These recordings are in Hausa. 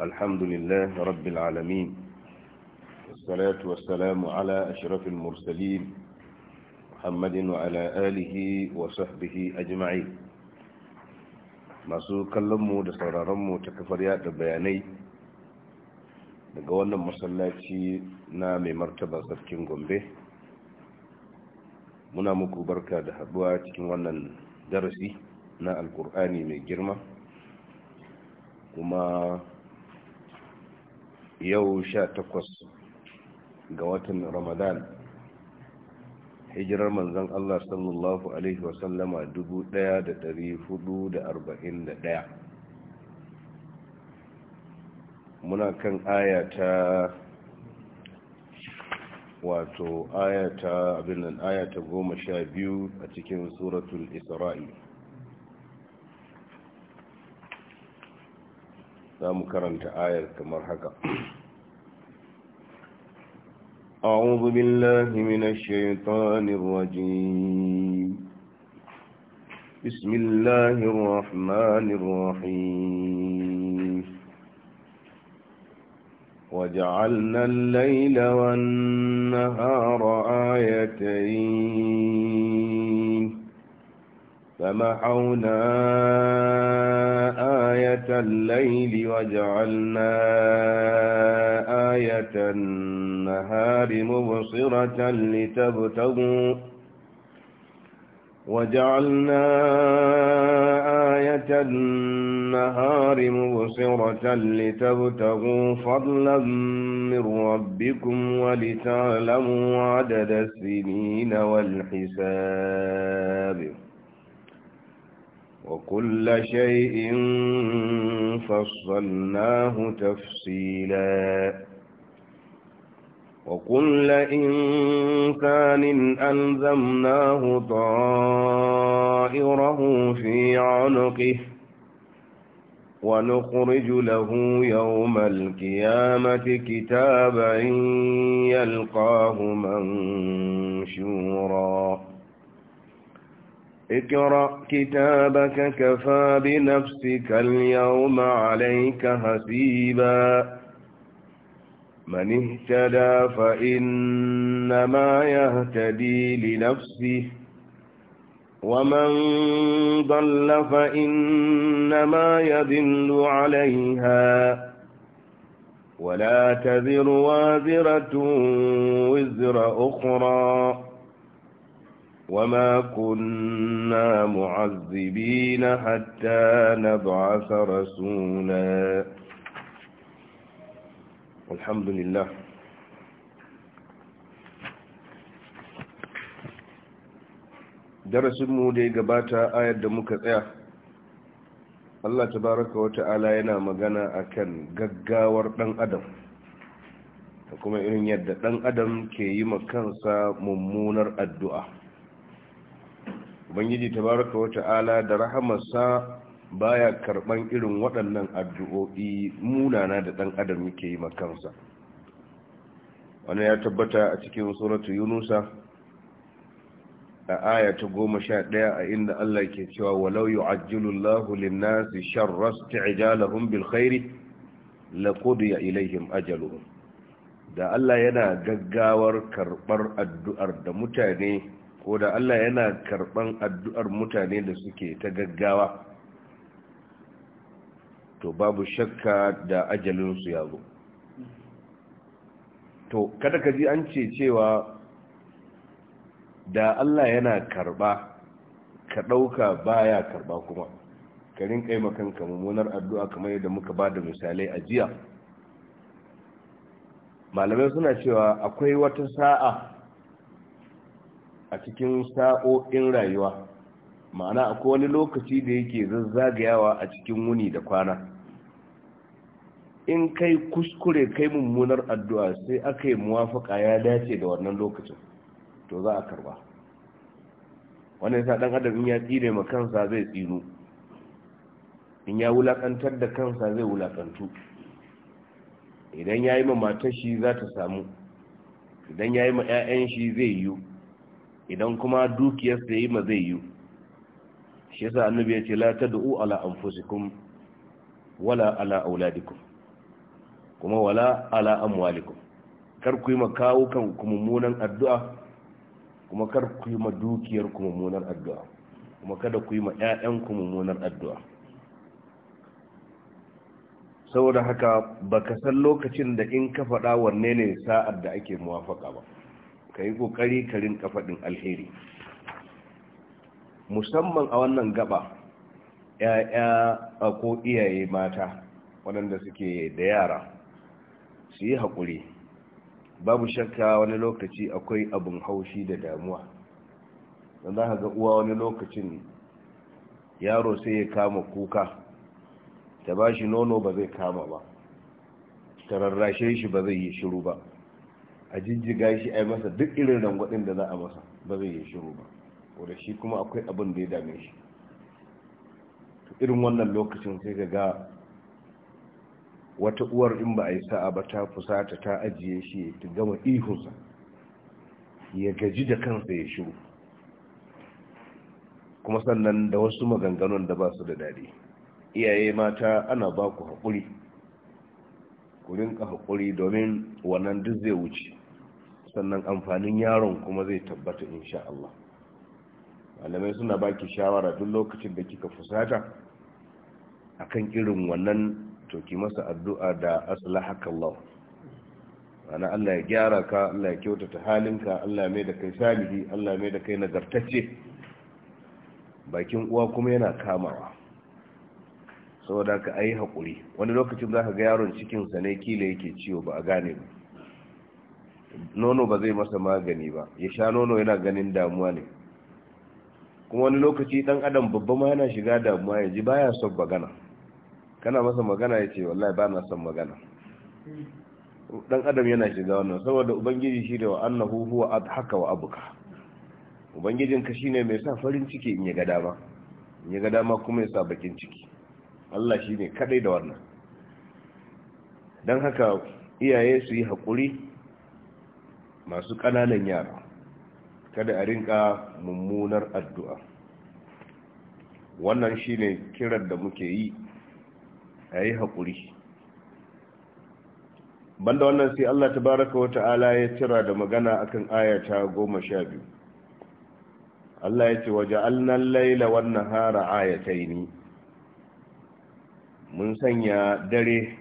الحمد لله رب العالمين والصلاة والسلام على أشرف a محمد وعلى آله وصحبه أجمعين masu kallonmu da sauraronmu ta kafar yada bayanai daga wannan masallaci na mai martaba sarkin gombe muna muku barka da haduwa cikin wannan darasi na alkur'ani mai girma kuma yau sha takwas ga watan ramadan hijirar manzan Allah sallallahu Alaihi wasallama 1441 muna kan ayata wato ayata abin ayata goma sha biyu a cikin suratul isra'i za mu karanta ayar kamar haka أعوذ بالله من الشيطان الرجيم بسم الله الرحمن الرحيم وجعلنا الليل والنهار آيتين فمحونا آية الليل وجعلنا آية النهار مبصرة لتبتغوا وجعلنا آية النهار مبصرة لتبتغوا فضلا من ربكم ولتعلموا عدد السنين والحساب وكل شيء فصلناه تفصيلا وكل إنسان ألزمناه طائره في عنقه ونخرج له يوم القيامة كتابا يلقاه منشورا اقرأ كتابك كفى بنفسك اليوم عليك هسيبا من اهتدى فإنما يهتدي لنفسه ومن ضل فإنما يذل عليها ولا تذر وازرة وزر أخرى وما كنا معذبين na نبعث رسولا والحمد لله darasinmu da ya gabata ayar da muka tsaya Allah tabaraka wa ta'ala yana magana akan gaggawar ɗan adam da kuma irin yadda ɗan adam ke yi ma kansa mummunar addu'a ubangiji tabaraka wa ta'ala da rahamarsa baya karban irin waɗannan addu'o'i munana da ɗan adam yake yi makansa wani ya tabbata a cikin suratu yunusa a aya ta goma sha ɗaya a inda allah ke cewa walau yi linnasi sharras ti'ijalahum bil khairi laqudiya ilaihim ajaluhum da allah yana gaggawar karɓar addu'ar da mutane da Allah yana karban addu'ar mutane da suke ta gaggawa to babu shakka da ajalinsu ya zo to kada ka ji an ce cewa da Allah yana karba ka ɗauka baya karba kuma ka rinƙai kanka mummunar addu'a kamar yadda muka ba da misalai a jiya malamai suna cewa akwai wata sa'a a cikin sa'o'in rayuwa ma'ana akwai wani lokaci da yake zazzagayawa a cikin wuni da kwana in kai kuskure kai mummunar addu'a sai aka yi muwafaka ya dace da wannan lokacin to za a karba wannan yasa dan adam in ya tsire ma kansa zai tsinu in ya wulakantar da kansa zai wulakantu idan ya yi ma matar shi za ta samu idan ya yi ma 'ya'yan shi zai yiwu idan kuma dukiyar sai yi ma zai yi shi yasa annabi ya ce la tad'u ala anfusikum wala ala auladikum kuma wala ala amwalikum kar ku yi ma kawo kan mummunan addu'a kuma kar ku yi ma dukiyar ku mummunan addu'a kuma kada ku yi ma ƴaƴan ku mummunan addu'a saboda haka baka san lokacin da in ka faɗa wanne ne sa'ar da ake muwafaka ba ka yi ƙoƙari ka rinka alheri musamman a wannan gaba ‘ya'ya ko iyaye mata waɗanda suke da yara su yi haƙuri babu shakka wani lokaci akwai abin haushi da damuwa da za ga uwa wani lokacin yaro sai ya kama kuka ta ba shi nono ba zai kama ba ta rarrashe shi ba zai yi shiru ba a jijjiga shi a yi masa duk irin rangwadin da za a masa ba zai yi shiru ba wadda shi kuma akwai abin da ya dame shi irin wannan lokacin sai ka ga wata uwar in ba a yi sa'a ba ta fusata ta ajiye shi ta gama ihunsa ya gaji da kansa ya shiru kuma sannan da wasu maganganun da ba su da dadi, iyaye mata ana ba ku haƙuri ku rinka haƙuri domin wannan duk zai wuce sannan amfanin yaron kuma zai tabbata insha Allah malamai suna baki shawara duk lokacin da kika fusata akan irin wannan to masa addu'a da asali ana Allah ya gyara ka Allah ya kyautata halinka Allah ya mai da kai salihi Allah ya mai da kai nagartacce bakin uwa kuma yana kamawa saboda ka ayi haƙuri wani lokacin za ka ga yaron cikinsa ne kila yake ciwo ba a gane ba nono ba zai masa magani ba ya sha nono yana ganin damuwa ne kuma wani lokaci dan adam babba ma yana shiga damuwa ya ji baya son magana kana masa magana ya ce wallahi ba na son magana dan adam yana shiga wannan saboda ubangiji shi da annahu huwa adhaka wa abuka ubangijinka shine mai sa farin ciki in ya ga dama in ya ga dama kuma ya sa bakin ciki Allah shine kadai da wannan dan haka iyaye su yi hakuri masu ƙananan yara kada a rinka mummunar addu'a wannan shine kiran da muke yi a yi haƙuri banda wannan sai Allah Ta baraka wata Ala ya cira da magana akan ayata goma sha biyu Allah ya ce waje alnan laila wannan hara ayatai ne mun sanya dare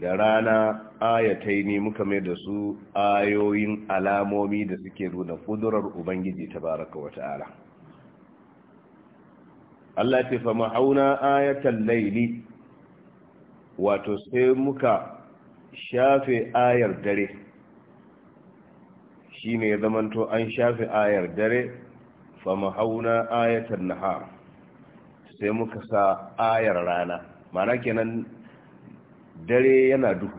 da rana ayatai ne muka mai da su ayoyin alamomi da suke nuna kudurar ubangiji ta baraka wa ta'ala Allah ce fa ma'auna ayatan laili wato sai muka shafe ayar dare shi ne zamanto an shafe ayar dare fa ma'auna ayatan nahar sai muka sa ayar rana mana kenan dare yana duhu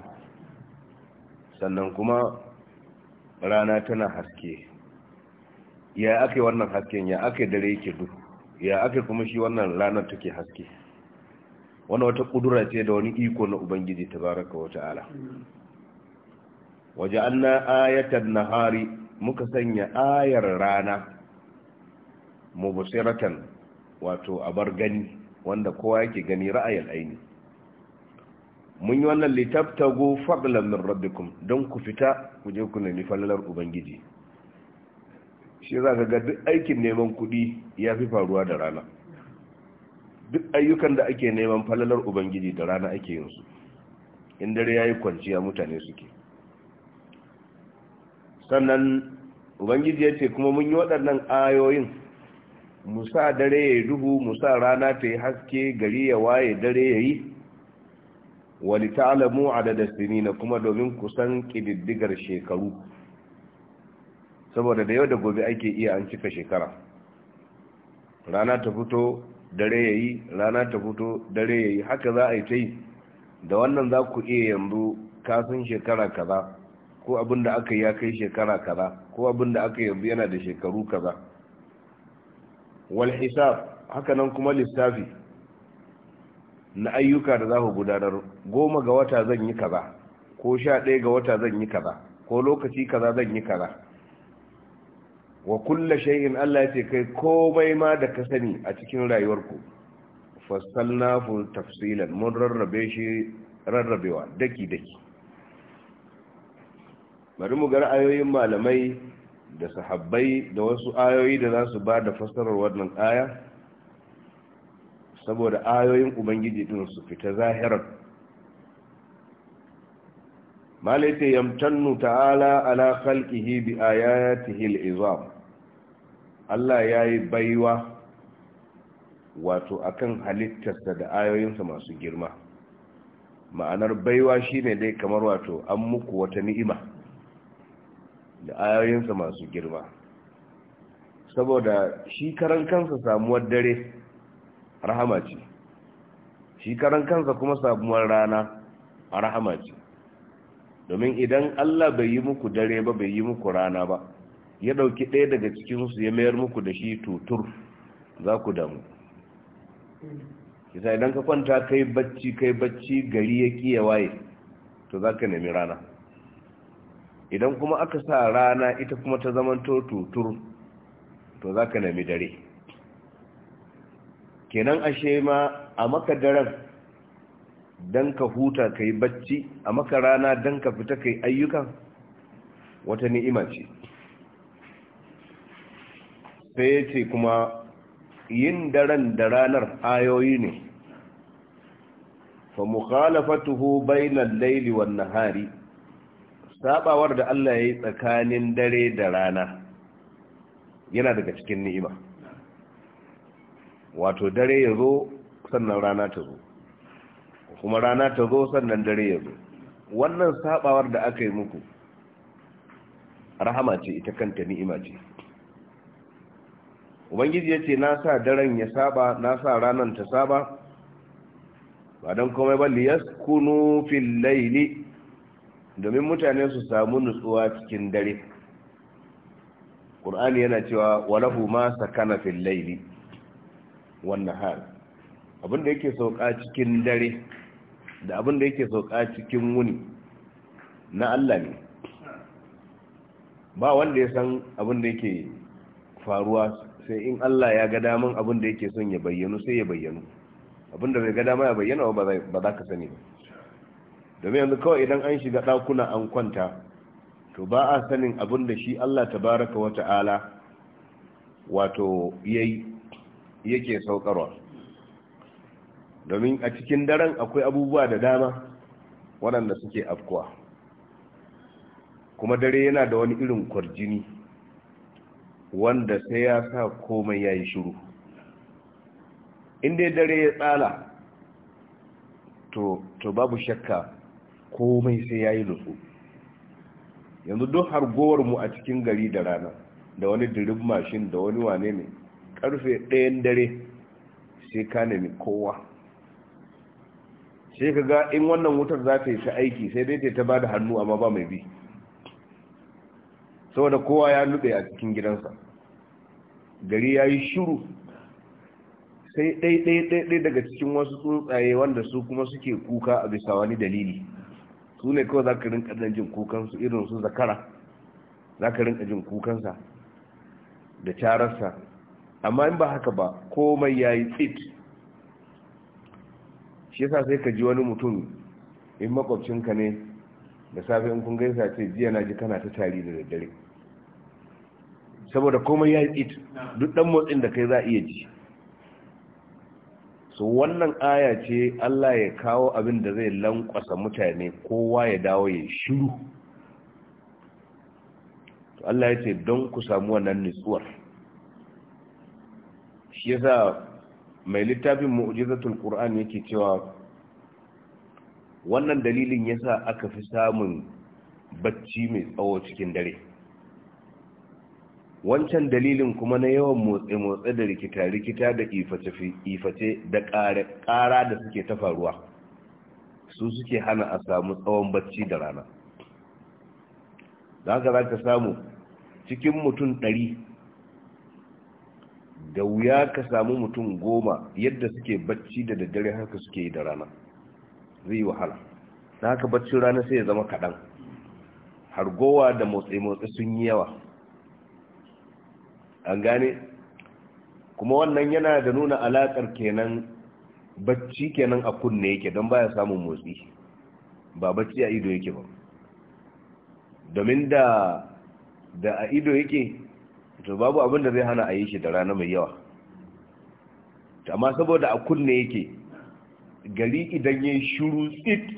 sannan kuma rana tana haske ya ake wannan hasken ya ake dare yake duhu ya ake kuma shi wannan ranar take haske wani wata kudura ce da wani iko na ubangiji ta baraka wata ala. waje an na na nahari muka sanya ayar rana mubusiratan wato abar gani wanda kowa yake gani ra'ayin aini mun yi wannan litabtago fadlan min rabbikum don ku fita ku je ku nemi falalar ubangiji shi za ka ga duk aikin neman kuɗi ya fi faruwa da rana duk ayyukan da ake neman falalar ubangiji da rana ake yin su in dare ya yi kwanciya mutane suke sannan ubangiji ya ce kuma mun yi waɗannan ayoyin musa dare ya yi duhu musa rana ta yi haske gari ya waye dare ya yi wali ta'lamu da sinina kuma domin ku san kididdigar shekaru saboda da yau da gobe ake iya an cika shekara rana ta fito dare yayi rana ta fito dare yayi haka za a yi ta da wannan za ku iya yanzu kasan shekara kaza ko abin da aka yi ya kai shekara kaza ko abin da aka yanzu yana da shekaru kaza wal hisab haka nan kuma lissafi na ayyuka da za ku gudanar goma ga wata zan yi kaza ko sha ɗaya ga wata zan yi kaza ko lokaci kaza zan yi kaza wa kulla shay'in Allah ya ce kai komai ma da ka sani a cikin rayuwarku fu tafsilan mun rarrabe shi rarrabewa daki daki bari mu ga ra'ayoyin malamai da sahabbai da wasu ayoyi da za su ba da fassarar wannan aya saboda ayoyin ubangiji din su fita zahirar malaita yamtannu ta'ala ala khalqihi bi ayatihi al-izam Allah yayi baiwa wato akan halittarsa da ayoyinsa masu girma ma'anar baiwa shine dai kamar wato an muku wata ni'ima da ayoyinsa masu girma saboda shi karan kansa samuwar dare rahama ce shi karan kansa kuma sabuwar rana a rahama ce domin idan Allah bai yi muku dare ba bai yi muku rana ba ya dauki ɗaya daga cikinsu ya mayar muku da shi tutur za ku damu kisa idan ka kwanta kai bacci kai bacci gari ya kiya waye to za ka nemi rana idan kuma aka sa rana ita kuma ta zamanto tutur to za ka nemi dare kenan ashe ma a maka daren don ka huta ka yi bacci a maka rana don ka fita ka yi ayyukan wata ni'ima ce sai ya ce kuma yin daren da ranar ayoyi ne fa mukhalafatuhu bainal laili wan nahari sabawar da Allah yayi tsakanin dare da rana yana daga cikin ni'ima wato dare ya zo sannan rana ta zo kuma rana ta zo sannan dare ya zo wannan sabawar da aka yi muku rahama ce ita kanta ni'ima ce ubangiji ya ce na sa daren ya saba na sa ranar ta saba ba don komai ba liyas kunu fil laili domin mutane su samu nutsuwa cikin dare ƙur'ani yana cewa walahu ma sakana fil laili wannan hal abin da yake sauka cikin dare da abin da yake sauka cikin wuni na Allah ne ba wanda ya san abin da yake faruwa sai in Allah ya ga damin abin da yake son ya bayyanu sai ya bayyanu abin da bai ga dama ya bayyana ba za ka sani ba domin yanzu kawai idan an shiga ɗakuna an kwanta to ba a sanin abin da shi Allah tabaraka wa ta'ala wato yayi yake saukarwa domin a cikin daren akwai abubuwa da dama waɗanda suke afkuwa kuma dare yana da wani irin kwarjini wanda sai ya sa komai ya yi shiru inda dare ya tsala to, babu shakka komai sai ya yi nutsu yanzu duk hargowarmu mu a cikin gari da rana da wani dirin mashin da wani wane ne karfe ɗayan dare sai ka nemi kowa sai ka ga in wannan wutar za ta yi ta aiki sai dai ta ba da hannu amma ba mai bi saboda kowa ya nuɗe a cikin gidansa gari ya yi shuru sai ɗaiɗaiɗaiɗai daga cikin wasu tsuntsaye wanda su kuma suke kuka a bisa wani dalili su ne kawai za ka rinka jin kukansu irin su zakara za ka rinka jin kukansa da cararsa amma in ba haka ba komai ya yi tsit shi yasa sai ka ji wani mutum in makwabcinka ne da safe in kun gaisa ce jiya na ji kana ta tari da daddare saboda komai ya yi tsit duk dan motsin da kai za iya ji so wannan aya ce Allah ya kawo abin da zai lankwasa mutane kowa ya dawo ya shiru to Allah ya ce don ku samu wannan nutsuwar shi yasa mai littafin mu'jizatul qur'an yake cewa wannan dalilin yasa aka fi samun bacci mai tsawo cikin dare wancan dalilin kuma na yawan motsi-motsi da rikita-rikita da iface da ƙara da suke ta faruwa su suke hana a samu tsawon bacci da rana da haka za ka samu cikin mutum ɗari da wuya ka samu mutum goma yadda suke bacci da daddare haka suke yi da rana zai wahala na haka baccin rana sai ya zama kaɗan hargowa da motsi-motsi sun yi yawa an gane kuma wannan yana da nuna alaƙar kenan bacci kenan a kunne yake don baya samun motsi ba bacci a ido yake ba domin da da a ido yake to babu abin da zai hana a yi shi da rana mai yawa amma saboda a kunne yake gari idan ya shuru tsit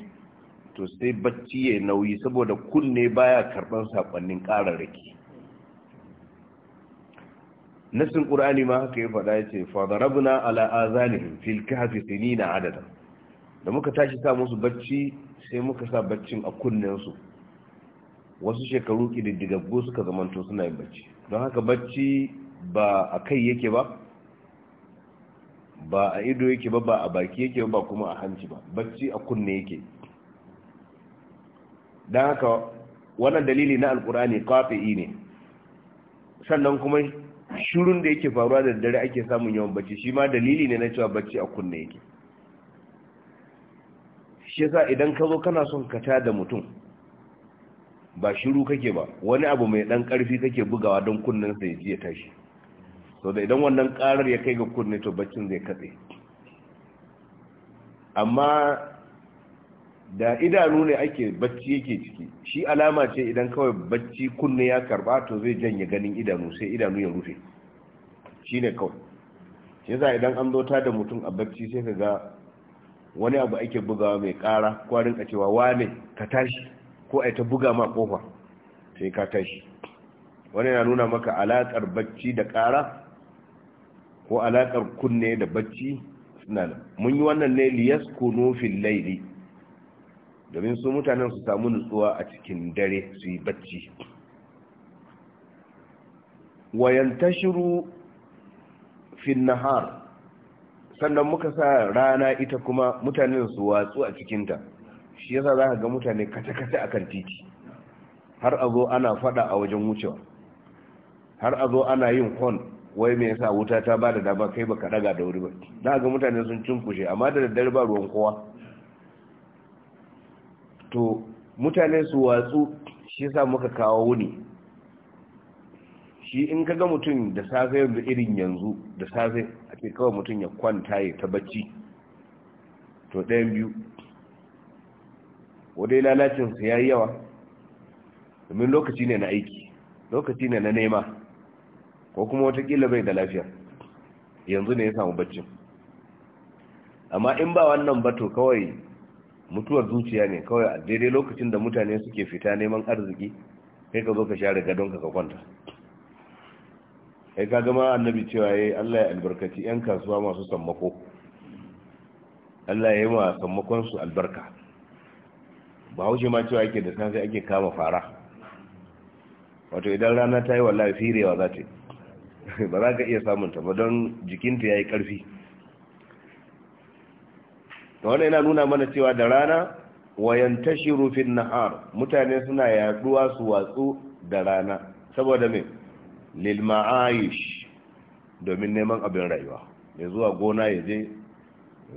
to sai bacci ya nauyi saboda kunne baya karban sakonnin kararraki nassin ƙura'ani ma haka ya faɗa ce, fa darabna ala filka fil sini na adada da muka tashi sa musu bacci sai muka sa baccin a kunnen su wasu shekaru ƙididdigaggo suka zamanto suna yin bacci don haka bacci ba a kai yake ba ba a ido yake ba ba a baki yake ba kuma a hanci ba bacci a kunne yake don haka wannan dalili na alkurani kafi'i ne sannan kuma shirun da yake faruwa da dare ake samun yawan bacci shi ma dalili ne na cewa bacci a kunne yake shi sa idan ka zo kana son ka da mutum ba shiru kake ba wani abu mai dan karfi kake bugawa don kunnen sai ya ji ya tashi to da idan wannan karar ya kai ga kunne to baccin zai katse amma da idanu ne ake bacci yake ciki shi alama ce idan kawai bacci kunne ya karba to zai janye ganin idanu sai idanu ya rufe shine kawai shi yasa idan an zo da mutum a bacci sai ka ga wani abu ake bugawa mai kara kwarin a wane ka tashi ko a ta buga ma kofa sai ka tashi wani yana nuna maka alaƙar bacci da ƙara ko alaƙar kunne da bacci suna nan mun yi wannan ne liyas kuno fil laili domin su mutanen su samu nutsuwa a cikin dare su yi bacci wayan tashiru fil nahar sannan muka sa rana ita kuma mutanen su watsu a cikinta shi yasa za ka ga mutane kace-kace a kan titi har a zo ana fada a wajen wucewa har a zo ana yin hon wai mai yasa wuta ta bada da dama kai baka daga da wuri ba za ga mutane sun cinkushe amma da daddare ba ruwan kowa to mutane su watsu shi yasa muka kawo wuni shi in ka ga mutum da safe yanzu irin yanzu da safe a ce kawai mutum ya kwanta ya ta bacci to ɗayan biyu ko dai lalacin su yayi yawa domin lokaci ne na aiki lokaci ne na nema ko kuma watakila bai da lafiya yanzu ne ya samu baccin amma in ba wannan ba to kawai mutuwar zuciya ne kawai a daidai lokacin da mutane suke fita neman arziki kai ka zo ka share gadon ka kwanta Sai ka gama annabi cewa yayi eh, Allah ya albarkaci yan kasuwa masu sammako Allah ya yi wa sammakon albarka ba haushe ma cewa ake da sai ake kama fara wato idan rana ta yi wallahi firewa za ta ba za ka iya samunta ba don jikinta ya yi ƙarfi to wani yana nuna mana cewa da rana wayan tashi rufin nahar mutane suna yaduwa su watsu da rana saboda mai lil domin neman abin rayuwa ya zuwa gona ya je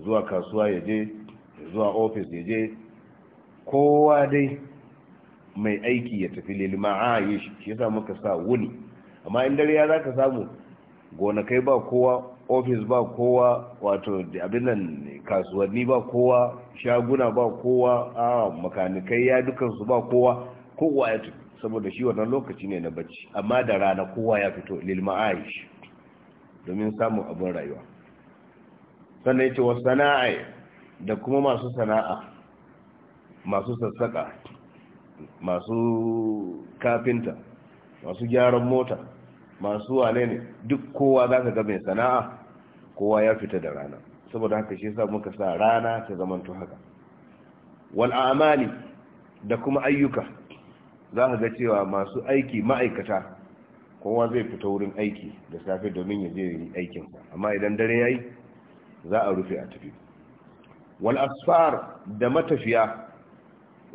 zuwa kasuwa ya je zuwa ofis ya je kowa dai mai aiki ya tafi lil ma'ayish shi yasa muka sa wuni amma in dare ya zaka samu gonakai ba kowa ofis ba kowa wato abin nan kasuwanni ba kowa shaguna ba kowa a makanikai ya dukansu ba kowa kowa ya tafi saboda shi wannan lokaci ne na bacci amma da rana kowa ya fito lil ma'ayish domin samun abin rayuwa sannan wasu sana'a da kuma masu sana'a masu sassaka masu kafinta masu gyaran mota masu wane ne duk kowa za ka ga mai sana'a kowa ya fita da rana saboda haka shi sa muka sa rana ta zamanta haka wal amali da kuma ayyuka za ka ga cewa masu aiki ma'aikata kowa zai fita wurin aiki da safe domin ya je yi aikin aikinsa amma idan dare yayi za a rufe a tafi wal asfar da matafiya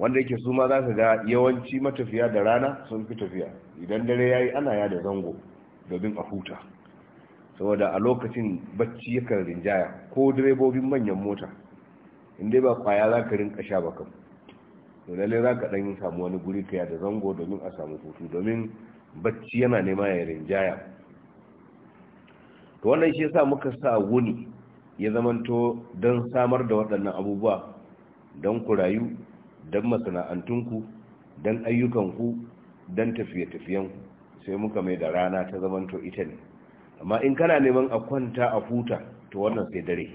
wanda yake su ma za ka ga yawanci matafiya da rana sun fi tafiya idan dare ya yi ana yada zango domin a huta saboda a lokacin bacci yakan rinjaya ko direbobin manyan mota inda ba kwaya za ka rinka sha ba kam lalle za ka ɗan samu wani guri ka yada zango domin a samu hutu domin bacci yana nema ya rinjaya to wannan shi yasa muka sa wuni ya zamanto don samar da waɗannan abubuwa don ku rayu don masana'antunku don ayyukanku don tafiye-tafiyenku sai muka mai da rana ta zamanto ita ne amma in kana neman a kwanta a huta to wannan sai dare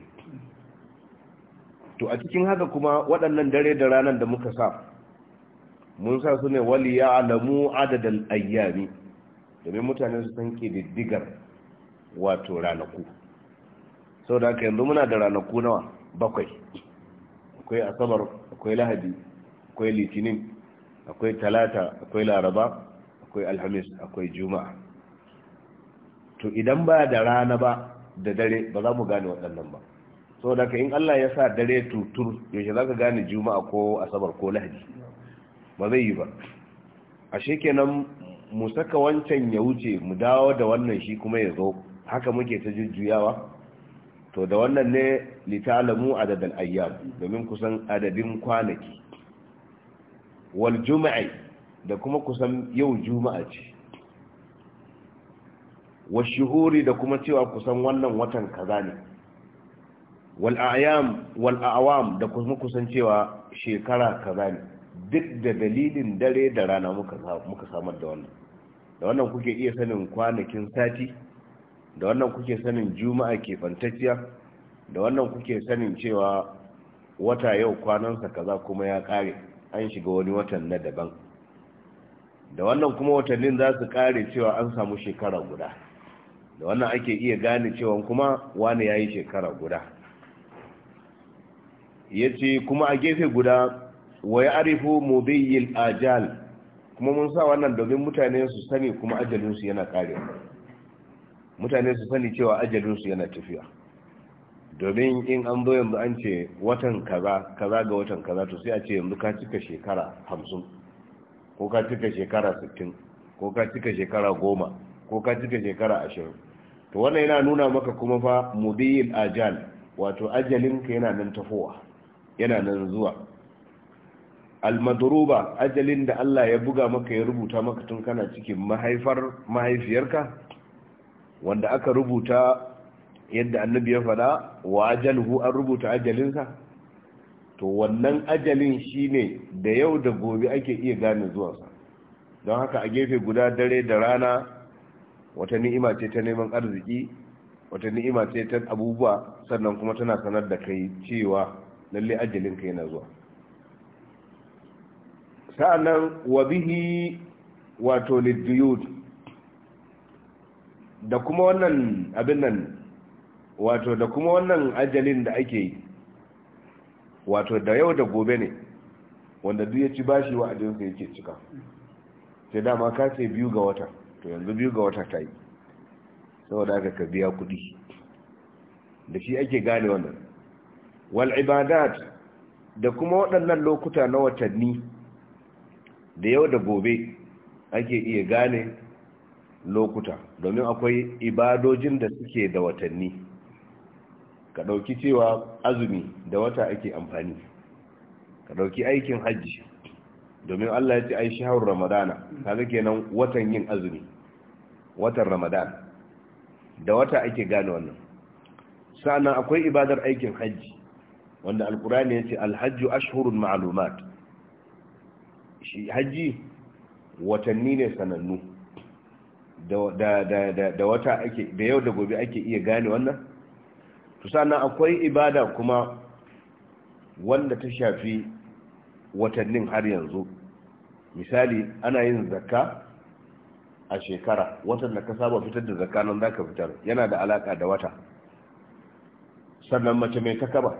to a cikin haka kuma waɗannan dare da ranar da muka sa mun sa su ne wali ya alamu adadin ayyami domin mutane su san ke diddigar wato ranaku sau da haka yanzu muna da ranaku nawa bakwai akwai asabar akwai lahadi akwai litinin akwai talata akwai laraba akwai alhamis akwai juma'a to idan ba da rana ba da dare ba za mu gane waɗannan ba so ka in Allah ya sa dare tutur yaushe za ka gane juma'a ko asabar ko lahadi ba zai yi ba ashe kenan mu saka wancan ya wuce mu dawo da wannan shi kuma ya zo haka muke ta jujjuyawa to da wannan ne litalamu adadal ayyam domin kusan adadin kwanaki wal juma'i da kuma kusan yau juma'a ce wa shuhuri da kuma cewa kusan wannan watan kaza ne wal ayyam wal awam da kuma kusan cewa shekara kaza ne duk da dalilin dare da rana muka muka samar da wannan da wannan kuke iya sanin kwanakin sati da wannan kuke sanin juma'a ke fantaciya da wannan kuke sanin cewa wata yau kwanansa kaza kuma ya kare an shiga wani watan na daban da wannan kuma watannin za su kare cewa an samu shekara guda da wannan ake iya gane cewa kuma wani ya yi shekara guda ya ce kuma a gefe guda wa ya arifu mubiyyil ajal kuma mun sa wannan domin mutane su sani kuma ajalinsu yana karewa mutane su sani cewa ajalinsu yana tafiya domin in an zo yanzu an ce watan kaza kaza ga watan kaza to sai a ce yanzu ka cika shekara hamsin ko ka cika shekara sittin ko ka cika shekara goma ko ka cika shekara ashirin to wannan yana nuna maka kuma fa mudiyin ajal wato ajalinka yana nan tafowa yana nan zuwa almadruba ajalin da Allah ya buga maka ya rubuta maka tun kana cikin mahaifar mahaifiyarka wanda aka rubuta yadda annabi ya fada wa ajalhu an rubuta ajalinsa to wannan ajalin shine da yau da gobe ake iya gane zuwansa don haka a gefe guda dare da rana wata ni'ima ce ta neman arziki wata ni'ima ce ta abubuwa sannan kuma tana sanar da kai cewa lalle ajalin ka yana zuwa sa'annan wa bihi wato lidduyud da kuma wannan abin nan wato da kuma wannan ajalin da ake yi wato da yau da gobe ne wanda duk ya ci bashi wa ajinsa yake cika sai dama ka ce biyu ga wata to yanzu biyu ga wata ta yi saboda aka ka biya kuɗi da shi ake gane wannan wal ibadat da kuma waɗannan lokuta na watanni da yau da gobe ake iya gane lokuta domin akwai ibadojin da suke da watanni ka ɗauki cewa azumi da wata ake amfani ka ɗauki aikin hajji domin Allah ya ce ai shahar ramadana kaga kenan watan yin azumi watan ramadana da wata ake gane wannan sa'anan akwai ibadar aikin hajji wanda alkurani ya ce alhajju ashhurun ma'lumat shi hajji watanni ne sanannu da wata ake da yau da gobe ake iya gane wannan sannan akwai ibada kuma wanda ta shafi watannin har yanzu misali ana yin zakka a shekara watan da ka saba fitar da zakka nan za ka fitar yana da alaka da wata sannan mace mai takaba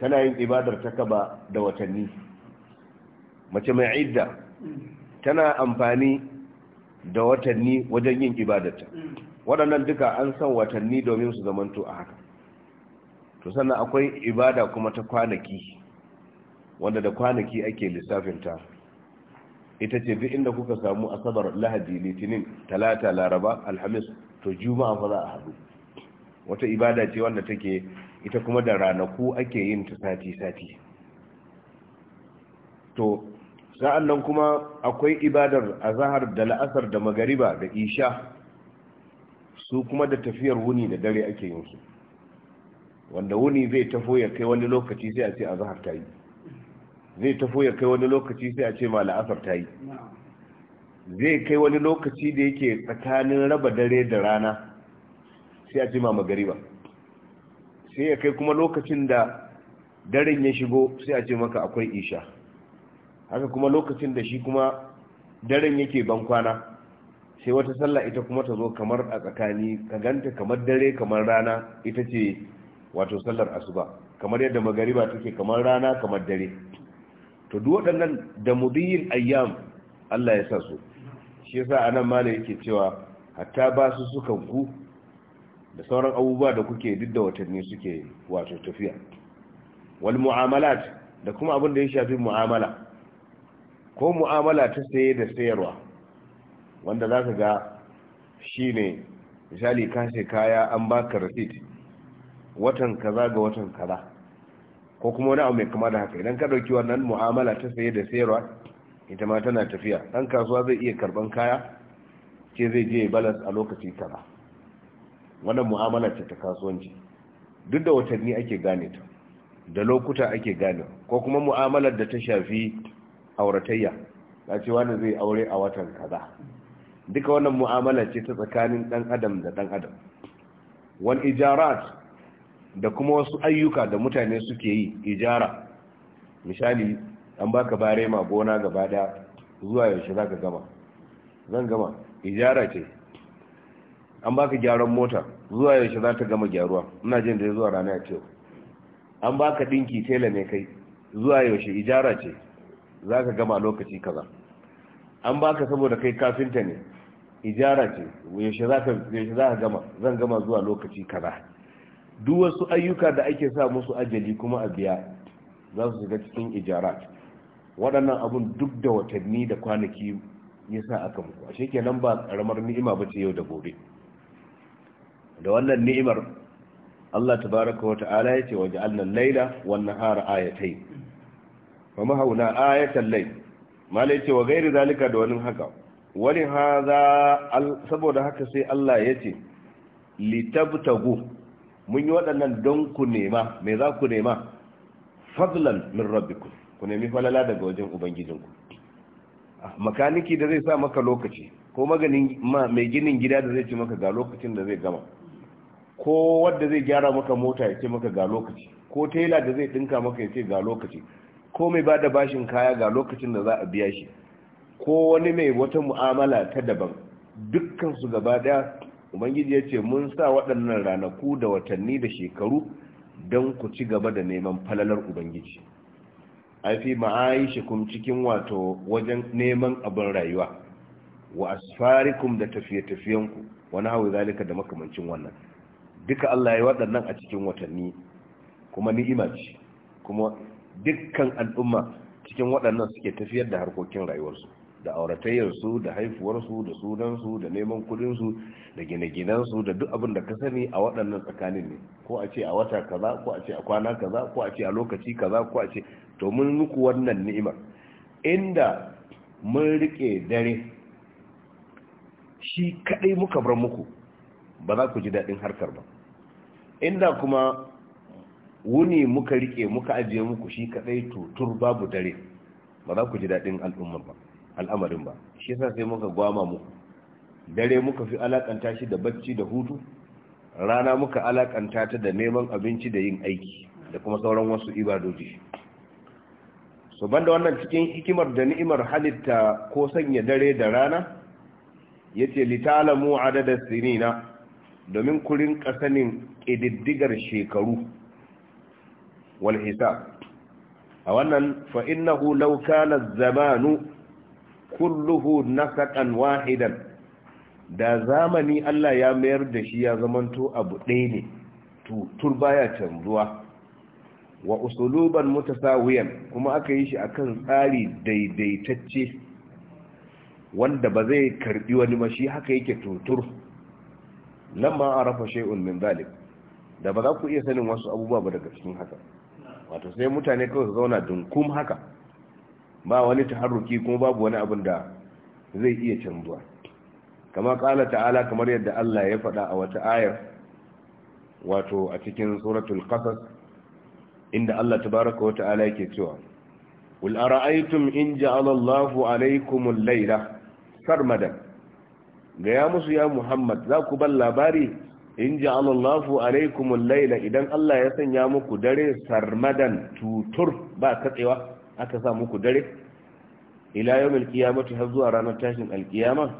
tana yin ibadar takaba da watanni mace mai idda tana amfani da watanni wajen yin ibadarta mm. waɗannan duka an san watanni domin su zamanto a haka to sannan akwai ibada kuma ta kwanaki wanda da kwanaki ake lissafinta ita ce duk inda kuka samu asabar lahadi litinin talata laraba alhamis to juma'a fa za a haɗu wata ibada ce wanda take ita kuma da ranaku ake yin ta sati-sati to sa'an nan kuma akwai ibadar azahar da la'asar da magariba da isha su kuma da tafiyar wuni da dare ake yin su wanda wuni zai tafo ya kai wani lokaci sai a ce azhar ta yi zai tafo ya kai wani lokaci sai a ce ma la'asar ta yi zai kai wani lokaci da yake tsakanin raba dare da rana sai a ce ma magariba sai ya kai kuma lokacin da daren ya shigo sai a ce maka akwai isha haka kuma lokacin da shi kuma daren yake bankwana sai wata sallah ita kuma ta zo kamar a tsakani ka ganta kamar dare kamar rana ita ce wato sallar asuba kamar yadda magariba take kamar rana kamar dare to duk waɗannan da mudiyin ayyam Allah ya sa su shi yasa anan ma ne yake cewa hatta ba su suka ku da sauran abubuwa da kuke duk da watanni suke wato tafiya wal mu'amalat da kuma abin da ya shafi mu'amala ko mu'amala ta saye da sayarwa wanda za ka ga shine misali ka kaya an baka receipt watan kaza ga watan kaza ko kuma wani abu mai kama da haka idan ka ɗauki wannan mu'amala ta saye da sayarwa ita ma tana tafiya ɗan kasuwa zai iya karɓan kaya ce zai je balas a lokaci kaza wannan mu'amala ce ta kasuwanci duk da watanni ake gane ta da lokuta ake gane ko kuma mu'amalar da ta shafi auratayya na ce wani zai aure a watan kaza duka wannan mu'amala ce ta tsakanin ɗan adam da ɗan adam wal ijarat da kuma wasu ayyuka da mutane suke yi ijara misali an baka barema gona gaba da zuwa yaushe za ka gama zan gama ijara ce an baka gyaran mota zuwa yaushe za ta gama gyaruwa ina jin da zuwa rana ce an baka dinki tela ne kai zuwa yaushe ijara ce za ka gama lokaci kaza an baka saboda kai kafinta ne ijara ce yaushe za ka gama zan gama zuwa lokaci kaza duk wasu ayyuka da ake sa musu ajali kuma a biya za su shiga cikin ijarat waɗannan abun duk da watanni da kwanaki ya sa aka muku shi kenan ba ƙaramar ni'ima ba ce yau da gobe da wannan ni'imar Allah baraka wa ta'ala ya ce waje annan laila wannan hara ayatai fa mahauna ayatan lai malai ce wa gairi zalika da wani haka wani haza saboda haka sai Allah ya ce litabtagu mun yi waɗannan don ku nema me za ku nema fadlan min rabbikum ku nemi falala daga wajen ubangijinku ah, makaniki da zai sa maka lokaci ko maganin mai ginin gida da zai ci maka ga lokacin da zai gama ko wadda zai gyara maka mota ya ce maka ga lokaci ko tela da zai dinka maka ya ce ga lokaci ko mai bada bashin kaya ga lokacin da za a biya shi ko wani mai wata mu'amala ta daban dukkan su gaba daya ubangiji ya ce mun sa waɗannan ranaku da watanni da shekaru don ku ci gaba da neman falalar ubangiji aifi ma'aishikum cikin wato wajen neman abin rayuwa wa asfarikum da tafiye-tafiyenku wani hawa zalika da makamancin wannan duka Allah ya waɗannan a cikin watanni kuma ni'ima ce kuma dukkan al'umma cikin waɗannan suke tafiyar da harkokin rayuwarsu da auratayyarsu da haifuwarsu da sunansu da neman kudinsu da gine-ginensu da duk abin da ka sani a waɗannan tsakanin ne ko a ce a wata kaza ko a ce a kwana kaza ko a ce a lokaci kaza ko a ce to mun muku wannan ni'imar inda mun rike dare shi kadai muka bar muku ba za ku ji daɗin harkar ba inda kuma wuni muka rike muka ajiye muku shi kaɗai tutur babu dare ba za ku ji daɗin al'ummar ba al'amarin ba shi yasa sai muka gwama mu dare muka fi alakanta shi da bacci da hutu rana muka alakanta ta da neman abinci da yin aiki da kuma sauran wasu ibadoji so banda wannan cikin hikimar da ni'imar halitta ko sanya dare da rana yace litalamu adada sinina domin kurin kasanin kididdigar shekaru wal hisab a wannan fa innahu law kana zamanu kulluhu nasakan wahidan da zamani Allah ya mayar da shi ya zamanto abu ɗaya ne tutur baya canzuwa wa usuluban mutasawiyan kuma aka yi shi akan tsari daidaitacce wanda ba zai karbi wani ba shi haka yake tutur ma arafa shay'un min zalik da ba za ku iya sanin wasu abubuwa ba daga cikin haka wato sai mutane kawai su zauna dunkum haka ba wani taharruki kuma babu wani abin da zai iya canzuwa kama kala ta'ala kamar yadda Allah ya faɗa a wata ayar wato a cikin suratul qasas inda Allah tabaraka wa ta'ala yake cewa qul ara'aytum in ja'ala Allahu alaykum al-layla sarmadan ga ya musu ya Muhammad za ku ban labari in ja'ala Allahu alaykum al-layla idan Allah ya sanya muku dare sarmadan tutur ba katsewa aka sa muku dare ila yawmil qiyamati har zuwa ranar tashin alkiyama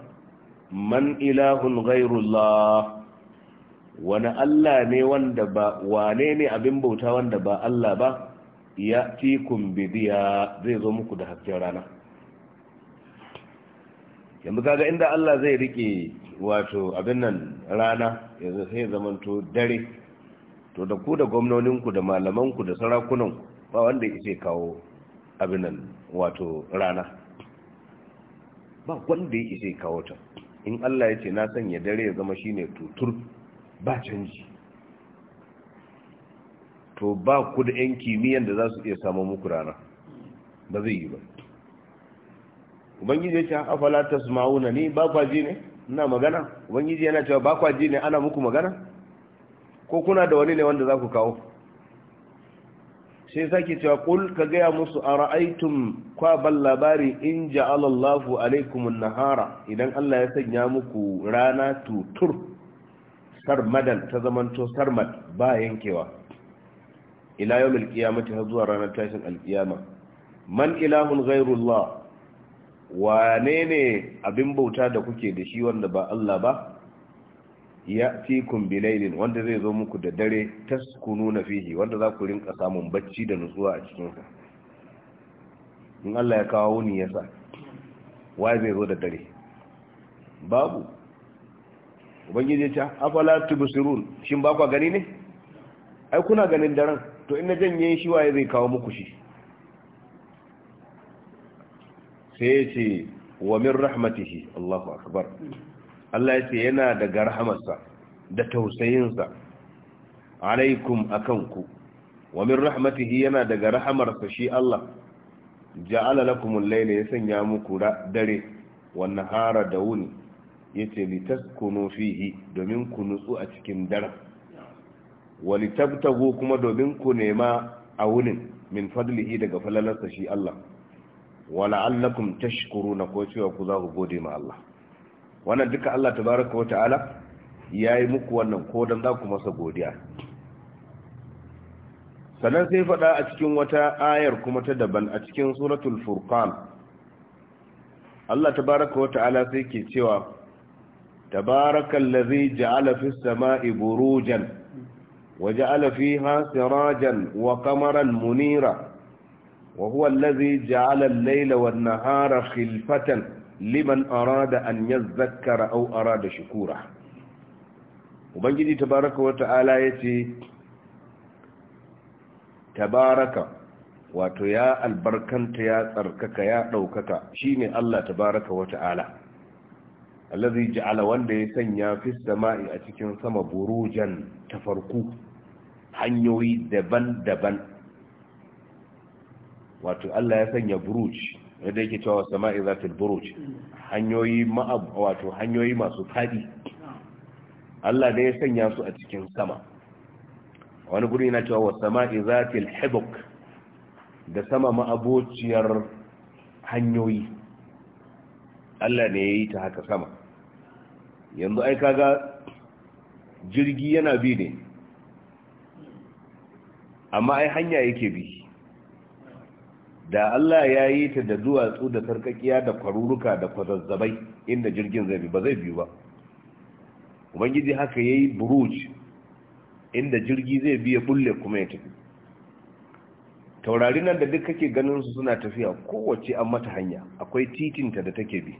man ilahun ghairullah wani Allah ne wanda ba wane ne abin bauta wanda ba Allah ba ya fi kumbidiya zai zo muku da hasken rana yanzu kaga inda Allah zai rike wato abin nan rana yanzu sai zamanto dare to da ku da gwamnoninku da malamanku da sarakunanku ba wanda ya kawo abinan wato rana ba wanda yake sai kawo ta in Allah ya ce na sanya dare ya zama shine tutur ba canji to ba ku da 'yan kimiyyar da za su iya samu muku rana ba zai yi ba ubangiji ya ce afala ta mauna ni ba kwaji ne ina magana ubangiji yana cewa ba kwaji ne ana muku magana ko kuna da wani ne wanda za ku kawo sai sake cewa kul ka gaya musu a ra'aitun kwaban labari in alallahu alaikumun nahara idan Allah ya sanya muku rana tutur sarmadan ta zamanto sarmad ba yankewa ila yau milkiyamata har zuwa ranar tashin alkiyama man ilahun gairullah wane ne abin bauta da kuke da shi wanda ba Allah ba Ya fi bilailin wanda zai zo muku da dare ta nuna fihi wanda za ku rinka samun bacci da nutsuwa a cikin in Allah ya kawo ni sa wai zai zo da dare babu ubangiji ya ce afala tubsirun shin ba ku gani ne ai kuna ganin daren to ina janye shi waye zai kawo muku shi sai ya ce wa min rahmatihi Allahu akbar Allah ya ce yana daga rahamarsa da tausayinsa alaikum akanku wa min rahmatihi yana daga rahamarsa shi Allah ja'ala lakumul layla ya sanya muku dare wa nahara da wuni yace litaskunu fihi domin ku nutsu a cikin dare wa litabtagu kuma domin ku nema a wunin min fadlihi daga falalarsa shi Allah wa la'allakum tashkuruna ko cewa ku za ku gode ma Allah wannan duka Allah baraka wa ta'ala ya yi muku wannan ko don za ku masa godiya sannan sai faɗa a cikin wata ayar kuma ta daban a cikin suratul furqan Allah baraka wa ta'ala sai ke cewa tabarakal ladhi ja'ala sama'i burujan وجعل فيها سراجا وقمرا منيرا وهو الذي laila الليل والنهار خلفة liman arada an yazzakara aw arada shukura ubangiji tabaraka wa ta'ala yace tabaraka wato ya albarkanta ya tsarkaka ya daukaka shine Allah tabaraka wa ta'ala allazi ja'ala wanda ya sanya fis sama'i a cikin sama burujan tafarku hanyoyi daban-daban wato Allah ya sanya buruji wanda yake cewa sama'i zatul buruj hanyoyi ma'ab wato hanyoyi masu fadi Allah da ya sanya su a cikin sama wani guri yana cewa sama'i zatil hibuk da sama ma'abociyar hanyoyi Allah ne ya yi ta haka sama yanzu ai kaga jirgi yana bi ne amma ai hanya yake bi da Allah ya yi ta da duwatsu da sarkakiya da kwaruruka da kwazazzabai inda jirgin zai bi ba zai biyu ba ubangiji haka ya yi buruj inda jirgi zai biya bulle kuma ya tafi taurari nan da duk kake ganin su suna tafiya kowace an mata hanya akwai titinta da take bi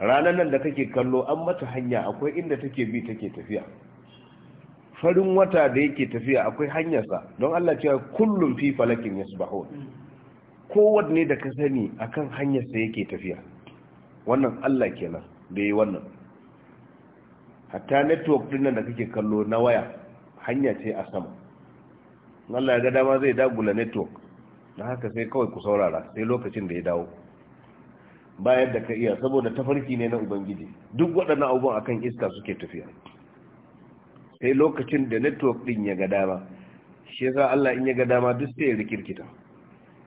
ranar nan da kake kallo an mata hanya akwai inda take bi take tafiya farin wata da yake tafiya akwai hanyarsa don Allah cewa kullum fi falakin yasbahun kowanne da ka sani akan sa yake tafiya wannan Allah kenan da yi wannan hatta network dinnan da kake kallo na waya hanya ce a sama Allah ya ga dama zai dagula network na haka sai kawai ku saurara sai lokacin da ya dawo bayan da ka iya saboda tafarki ne na ubangiji duk waɗannan abubuwan akan iska suke tafiya sai lokacin da network din ya ga dama shi yasa Allah in ya ga dama duk sai ya rikirkita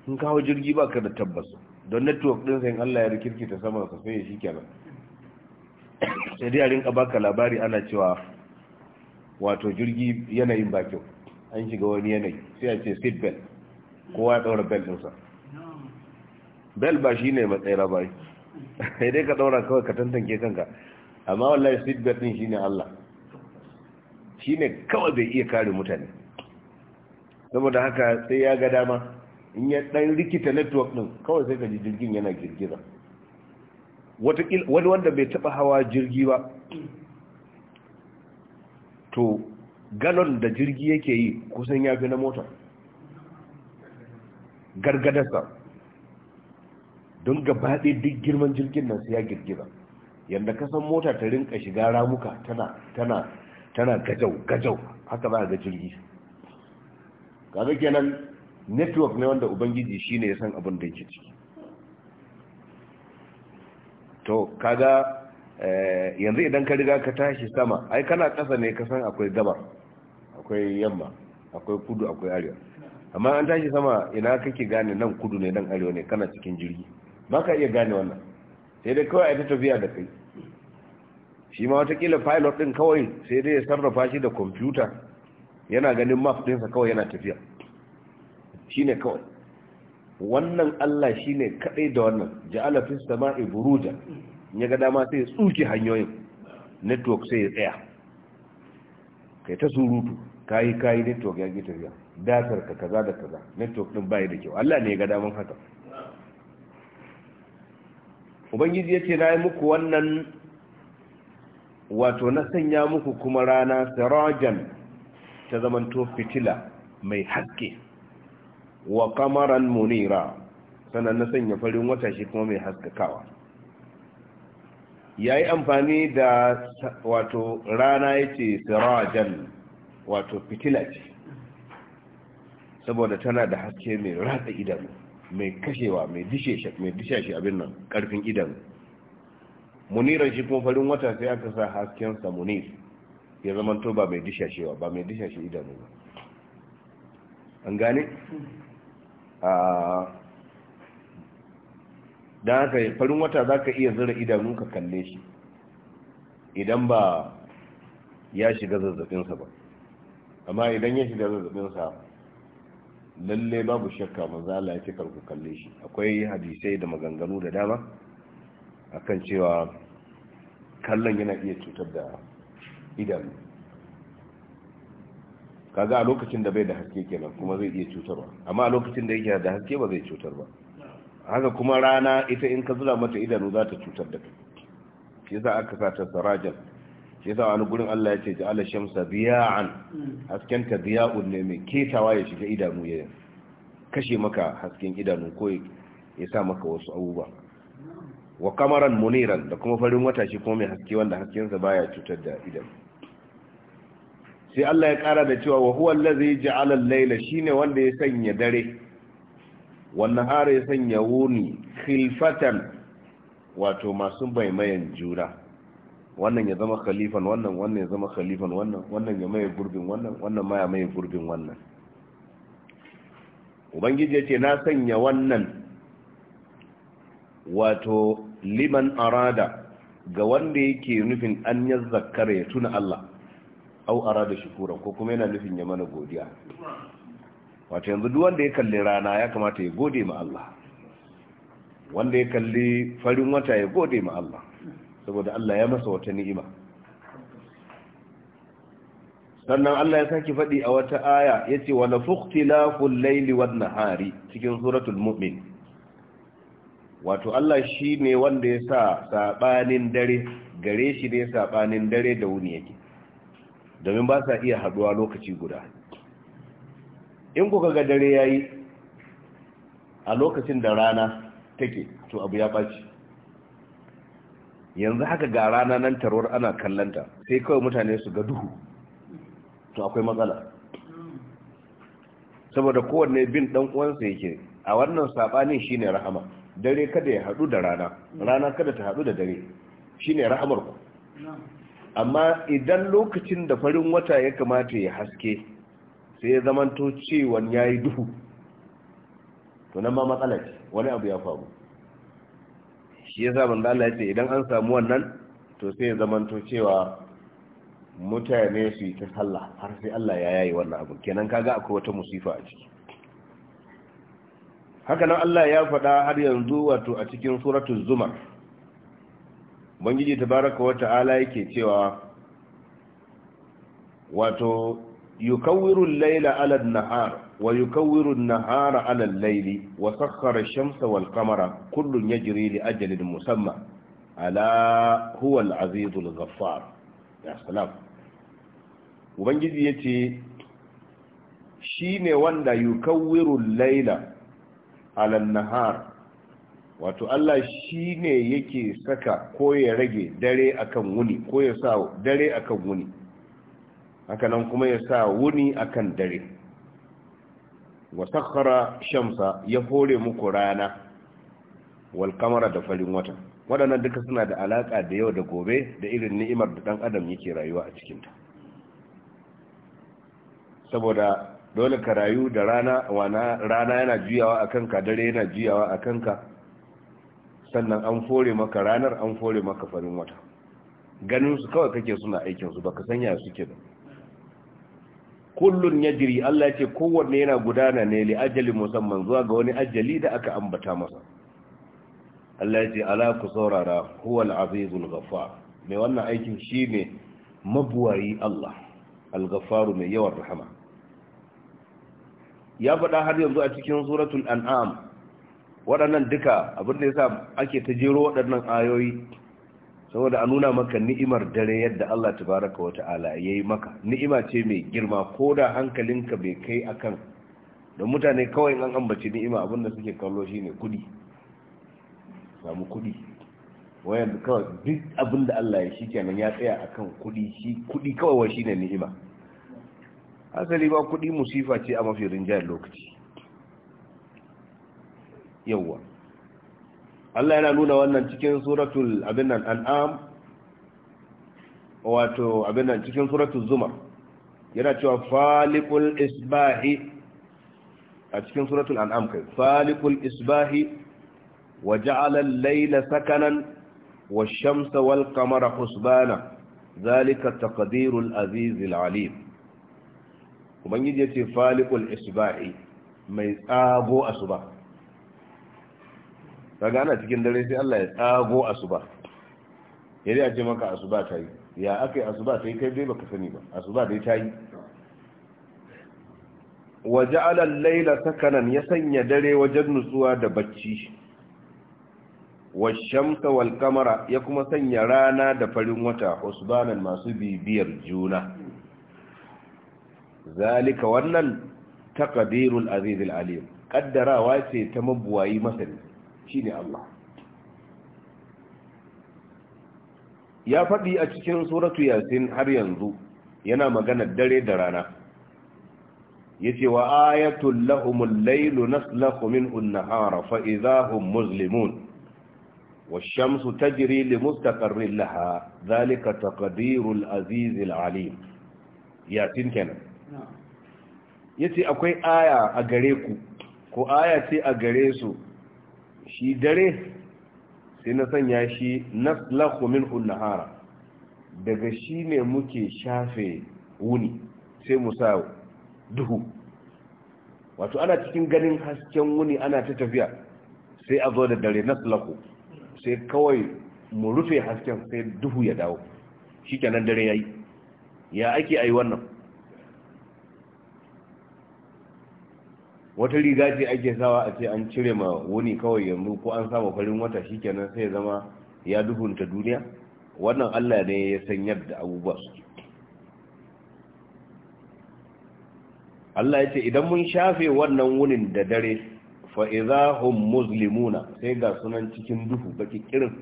in kawo jirgi ba ka da tabbas don network ɗin sai Allah ya rikirki ta sama ka sai shi kenan sai dai a rinka baka labari ana cewa wato jirgi yanayin ba kyau an shiga wani yanayi sai a ce seat belt kowa ya ɗaura belt ɗinsa bel ba shi ne matsayi ba sai dai ka ɗaura kawai ka tantance kanka amma wallahi seat belt din shi ne Allah shi ne kawai bai iya kare mutane saboda haka sai ya ga dama in ya dan rikita network din kawai sai ka ji jirgin yana girgiza wani wanda bai taɓa hawa jirgi ba to galon da jirgi yake yi kusan ya fi na mota gargadarsa don gabaɗe duk girman jirgin nan sai ya girgiza yadda kasan mota ta rinka shiga ramuka tana tana tana gajau gajau haka ba ga jirgi kaga kenan network ne wanda ubangiji shine ya san abin da yake ciki to kaga eh, yanzu idan ka riga ka tashi sama ai kana kasa ne ka san akwai gabar akwai yamma akwai kudu akwai arewa amma an tashi sama ina kake gane nan kudu ne dan arewa ne kana cikin jirgi ba ka iya gane wannan sai dai kawai a ta tafiya da kai shi ma watakila pilot din kawai sai dai ya sarrafa shi da kwamfuta yana ganin map ɗinsa kawai yana tafiya shine kawai wannan Allah shine kadai da wannan ja'ala fis sama'i buruja ya ga dama sai ya tsuke hanyoyin network sai ya tsaya kai ta surutu kayi kayi network ya ki tafiya datar ka kaza da kaza network din bai da kyau Allah ne ya ga daman haka ubangiji yace na yi muku wannan wato na sanya muku kuma rana sirajan ta zamanto fitila mai haske wa kamaran munira sannan na sanya farin wata shi kuma mai haskakawa yayi amfani da wato rana yace sirajan wato fitila ce saboda tana da haske mai ratsa idanu mai kashewa mai dishe mai dishashi abin nan karfin idanu muniran shi kuma farin wata sai aka sa hasken sa munir ya zama to ba mai dishashewa ba mai dishashe idanu ba an gane da haka farin wata za ka iya zira idanu ka kalle shi idan ba ya shiga zazzabinsa ba amma idan ya shiga zazzabinsa lalle babu shakka maza ya ce ku kalle shi akwai hadisai da maganganu da dama akan cewa kallon yana iya cutar da idanu kaga a lokacin da bai da haske kenan kuma zai iya cutarwa amma a lokacin da yake da haske ba zai cutar ba haka kuma rana ita in ka zura mata idanu za ta cutar da kai shi yasa aka sa ta sarajan shi yasa wani gurin Allah ya ce ja'ala shamsa biya'an hasken ta biya'un ne mai ketawa ya shiga idanu ya kashe maka hasken idanu ko ya sa maka wasu abubuwa wa kamaran muniran da kuma farin wata shi kuma mai haske wanda haskensa baya cutar da idanu sai Allah ya ƙara da cewa wa huwa allazi ja'ala al-layla shine wanda ya sanya dare wannan hare ya sanya wuni khilfatan wato masu bai maimayan jura wannan ya zama khalifan wannan wannan ya zama khalifan wannan wannan ya maye gurbin wannan wannan ma ya gurbin wannan ubangiji ya ce na sanya wannan wato liman arada ga wanda yake nufin an ya zakkara ya tuna Allah au arada shukura ko kuma yana nufin ya mana godiya wato yanzu duk wanda ya kalli rana ya kamata ya gode ma Allah wanda ya kalli farin wata ya gode ma Allah saboda Allah ya masa wata ni'ima sannan Allah ya saki faɗi a wata aya yace wala fuqtilaful layli wan nahari cikin suratul mu'min wato Allah shine wanda ya sa sabanin dare gare shi ne sabanin dare da wuni yake domin ba sa iya haduwa lokaci guda in kuka ga dare yayi a lokacin da rana take to abu ya baci yanzu haka ga rana nan tarwar ana kallanta sai kawai mutane su ga duhu to akwai matsala saboda kowanne bin dan uwansa yake a wannan sabanin shine rahama dare kada ya hadu da rana rana kada ta hadu da dare shine rahamar ku amma idan lokacin da farin wata ya kamata ya haske sai ya zamanto cewan ya yi duhu to nan ma matsala ce wani abu ya faru shi ya zaɓin da ya ce idan an samu wannan to sai ya zamanto cewa mutane su yi ta sallah har sai Allah ya yayi wannan abu kenan kaga akwai wata musifa a ciki haka nan Allah ya faɗa har yanzu wato a cikin suratul zumar ubangiji tabaraka wa ta'ala yake cewa wato yukawwiru al-laila 'ala nahar wa yukawwiru nahara 'ala layli laili wa sakhkhara shamsa wal kamara kullun yajri li ajalin musamma ala huwa al-'azizul ghaffar ya salam ubangiji yace shine wanda yukawwiru layla 'ala nahar wato Allah shi ne yake saka ko ya rage dare akan wuni ko ya sa dare akan wuni hakanan kuma ya sa wuni akan dare wa shamsa ya hore muku rana wal kamara da farin wata waɗannan duka suna da alaƙa da yau da gobe da irin ni'imar da ɗan adam yake rayuwa a cikinta saboda dole ka rayu da rana wana rana yana juyawa a kanka dare yana juyawa a kanka sannan an fore maka ranar an fore maka farin wata ganin su kawai kake suna aikin su baka sanya suke da kullun jiri Allah ce kowanne yana gudana ne li ajali musamman zuwa ga wani ajali da aka ambata masa Allah ya ce ala ku saurara huwa al-azizul ghaffar mai wannan aikin shine mabuwayi Allah al-ghaffaru mai yawan rahama ya faɗa har yanzu a cikin suratul an'am waɗannan duka abin da sa ake ta jero waɗannan ayoyi saboda a nuna maka ni'imar dare yadda Allah ta baraka wa ta'ala yayi maka ni'ima ce mai girma ko da hankalinka bai kai akan da mutane kawai an ambaci ni'ima abin da suke kallo shine kudi samu kudi wayan kawai duk abin Allah ya shi kenan ya tsaya a kan kudi shi kudi kawai ne ni'ima asali ba kudi musifa ce a mafi rinjayar lokaci yawwa Allah yana nuna wannan cikin suratul abin nan an'am wato abin nan cikin suratul zumar yana cewa falikul isbahi a cikin suratul al'am kai falikul isbahi wa ja'alal al-layla sakanan wash-shamsa wal-qamara husbana zalika taqdirul azizil alim ubangiji yace falikul isbahi mai tsago asuba kaga ana cikin dare sai Allah ya tsago asuba ya dai a ce maka asuba ta yi ya aka yi asuba ta yi kai dai baka sani ba asuba dai ta yi wa ja'ala al-layla sakanan ya sanya dare wajen nutsuwa da bacci wa shamsa wal qamara ya kuma sanya rana da farin wata usbanan masu bibiyar juna zalika wannan taqdirul aziz al-alim kaddarawa ce ta mabuwayi masani shine Allah ya faɗi a cikin suratu yasin har yanzu yana magana dare da rana yace wa ayatul lahumul laylu naslakhu minhu an-nahara fa idahum muslimun Shamsu والشمس تجري لمستقر لها ذلك تقدير العزيز العليم ياتين كنا yace akwai aya a gare ku ko aya ce a gare su shi dare sai na sanya shi na minhu hulahara daga shi ne muke shafe wuni sai mu sa duhu wato ana cikin ganin hasken wuni ana ta tafiya sai a zo da dare na naslakhu sai kawai mu rufe hasken sai duhu ya dawo shikenan dare ya yi, ya ake ayi wannan wata riga ce ake sawa a ce an cire ma wuni kawai yanzu ko an sama farin wata shikenan sai zama ya duhunta duniya wannan allah ne ya san yadda abubuwa su. allah ya ce idan mun shafe wannan wunin da dare iza hum muslimuna sai ga sunan cikin duhu baki kirin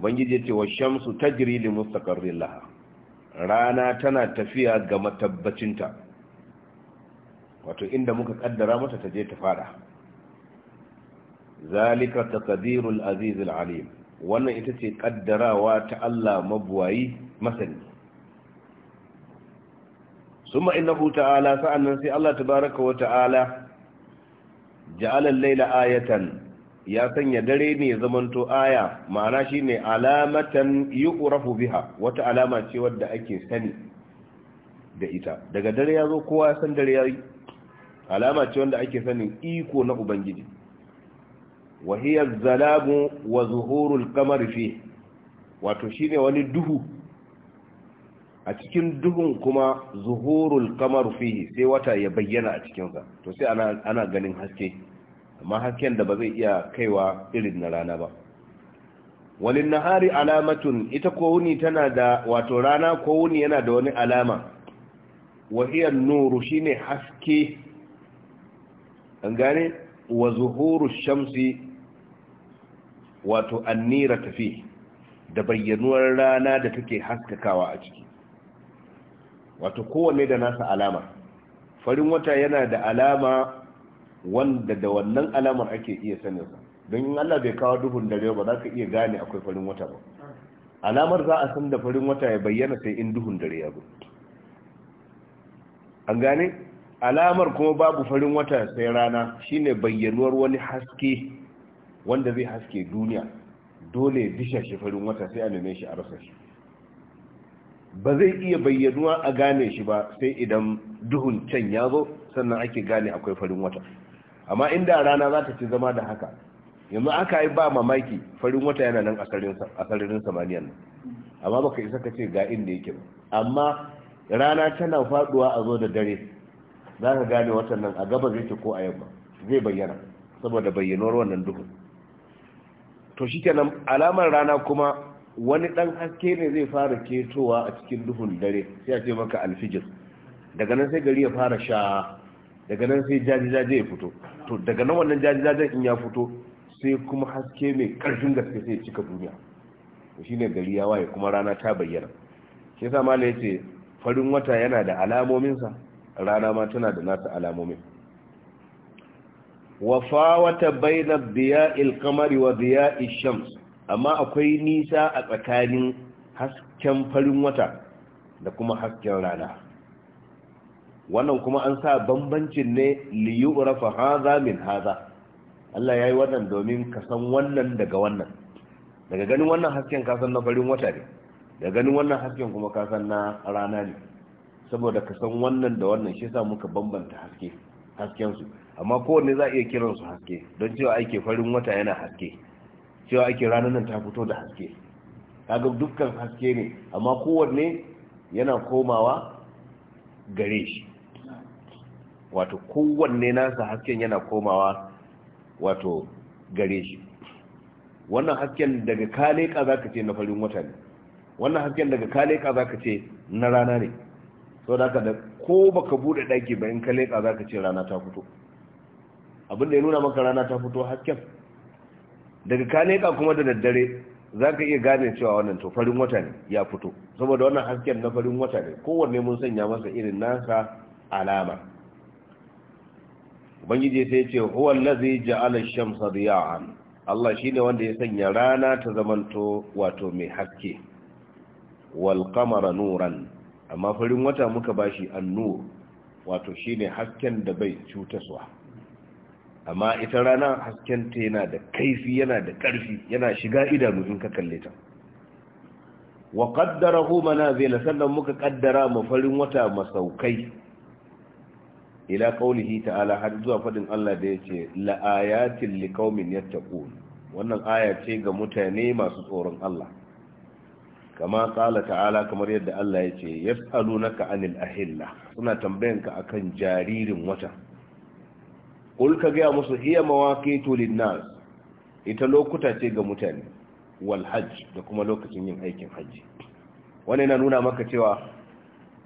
ubangiji ya ce wa shamsu tajri li laha rana tana tafiya ga matabbacinta wato inda muka kaddara mata ta je ta fada zalika taqdirul aziz alim wannan ita ce kaddarawa ta Allah mabuwayi masani summa innahu ta'ala sa'annan sai Allah tabaaraka wa ta'ala ja'ala al-laila ayatan ya sanya dare ne zamanto aya ma'ana shine alamatan yu'rafu biha wata alama ce wadda ake sani da ita daga dare ya zo kowa san dare ya yi alama ce wanda ake sanin iko na ubangiji wa hiya zalamu wa zuhurul qamar fi wato shine wani duhu a cikin duhun kuma zuhurul qamar fi sai wata ya bayyana a cikin to sai ana ganin haske amma hasken da ba zai iya kaiwa irin na rana ba walin nahari alamatun ita ko wuni tana da wato rana ko wuni yana da wani alama wahiyar nuru shine haske an gane wa zuhuru shamsi wato annira tafi da bayyanuwar rana da take haskakawa a ciki wato kowanne da nasa alama farin wata yana da alama wanda da wannan alamar ake iya saninsa don in Allah bai kawo duhun dare ba za ka iya gane akwai farin wata ba alamar za a san da farin wata ya bayyana sai in duhun dare ya gudu an gane alamar kuma babu farin wata sai rana shine bayyanuwar wani haske wanda zai haske duniya dole ya shi farin wata sai a neme shi a rasa shi ba zai iya bayyanuwa a gane shi ba sai idan duhun can ya zo sannan ake gane akwai farin wata amma inda rana za ta ci zama da haka yanzu aka yi ba mamaki farin wata yana nan a sararin samaniyan nan amma baka isa ka ce ga inda yake ba amma rana tana faduwa a zo da dare za ka gane watan nan a gaba zai ko a yamma zai bayyana saboda bayyanuwar wannan duhun to shi kenan alamar rana kuma wani ɗan haske ne zai fara ketowa a cikin duhun dare sai a ce maka alfijir daga nan sai gari ya fara sha daga nan sai jaji ya fito to daga nan wannan jaji in ya fito sai kuma haske mai karfin gaske sai cika duniya shi ne gari ya waye kuma rana ta bayyana shi sa mala ya ce farin wata yana da alamominsa rana ma tana da nasa alamomin wata baina diya'il qamari wa biya shams amma akwai nisa a tsakanin hasken farin wata da kuma hasken rana wannan kuma an sa bambancin ne liyurafa haza min haza Allah yayi wannan domin ka san wannan daga wannan daga ganin wannan hasken ka san na farin wata ne daga ganin wannan hasken kuma ka san na rana ne saboda ka san wannan da wannan shi sa muka bambanta haske haskensu amma kowanne za a iya kiransu haske don cewa ake farin wata yana haske cewa ake ranar nan ta fito da haske kaga dukkan haske ne amma kowanne yana komawa gare shi wato kowanne nasa hasken yana komawa wato gare shi wannan hasken daga kaleka za ka ce na farin wata ne wannan hasken daga kaleka za ka ce na rana ne sau da da ko baka buɗe daki ba in ka leƙa za ka ce rana ta fito abin da ya nuna maka rana ta fito hakken daga ka kuma da daddare za ka iya gane cewa wannan to farin wata ne ya fito saboda wannan hasken na farin wata ne kowanne mun sanya masa irin nasa alama ubangiji sai ce huwa allazi ja'ala ash-shamsa diya'an Allah shine wanda ya sanya rana ta zamanto wato mai haske wal qamara nuran amma farin wata muka ba bashi annur wato shine hasken da bai cutaswa amma ita rana hasken ta yana da kaifi yana da karfi yana shiga idanu in ka kalle ta wa qaddarahu manazil sannan muka kaddara ma farin wata masaukai ila kaulihi ta'ala har zuwa fadin Allah da yace la ayatin liqaumin yattaqun wannan aya ce ga mutane masu tsoron Allah kama kala ta'ala kamar yadda Allah ya ce naka anil ahilla suna tambayanka akan jaririn wata kul ka gaya musu hiya tulin linnas ita lokuta ce ga mutane wal da kuma lokacin yin aikin hajji wani yana nuna maka cewa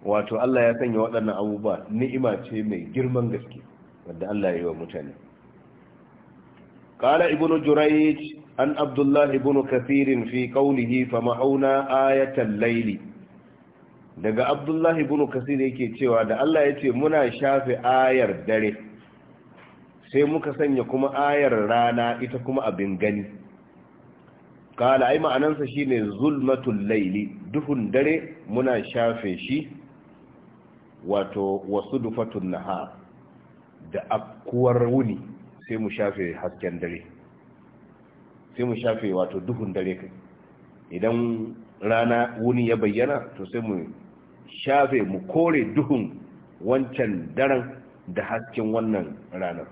wato Allah ya sanya waɗannan abubuwa ni'ima ce mai girman gaske wadda Allah ya yi wa mutane Kala ibnu jurayj an abdullahi bin kafirin fi qawlihi famahuna ayatal layli daga abdullahi bin kasir yake cewa da Allah ya ce muna shafe ayar dare sai muka sanya kuma ayar rana ita kuma abin gani kala ai ma'anansa shine zulmatul laili duhun dare muna shafe shi wato wasudufatun nahar da afkuwar wuni sai mu shafe hasken dare sai mu shafe wato duhun dare kai idan rana wuni ya bayyana to sai mu shafe mu kore duhun wancan daren da hasken wannan ranar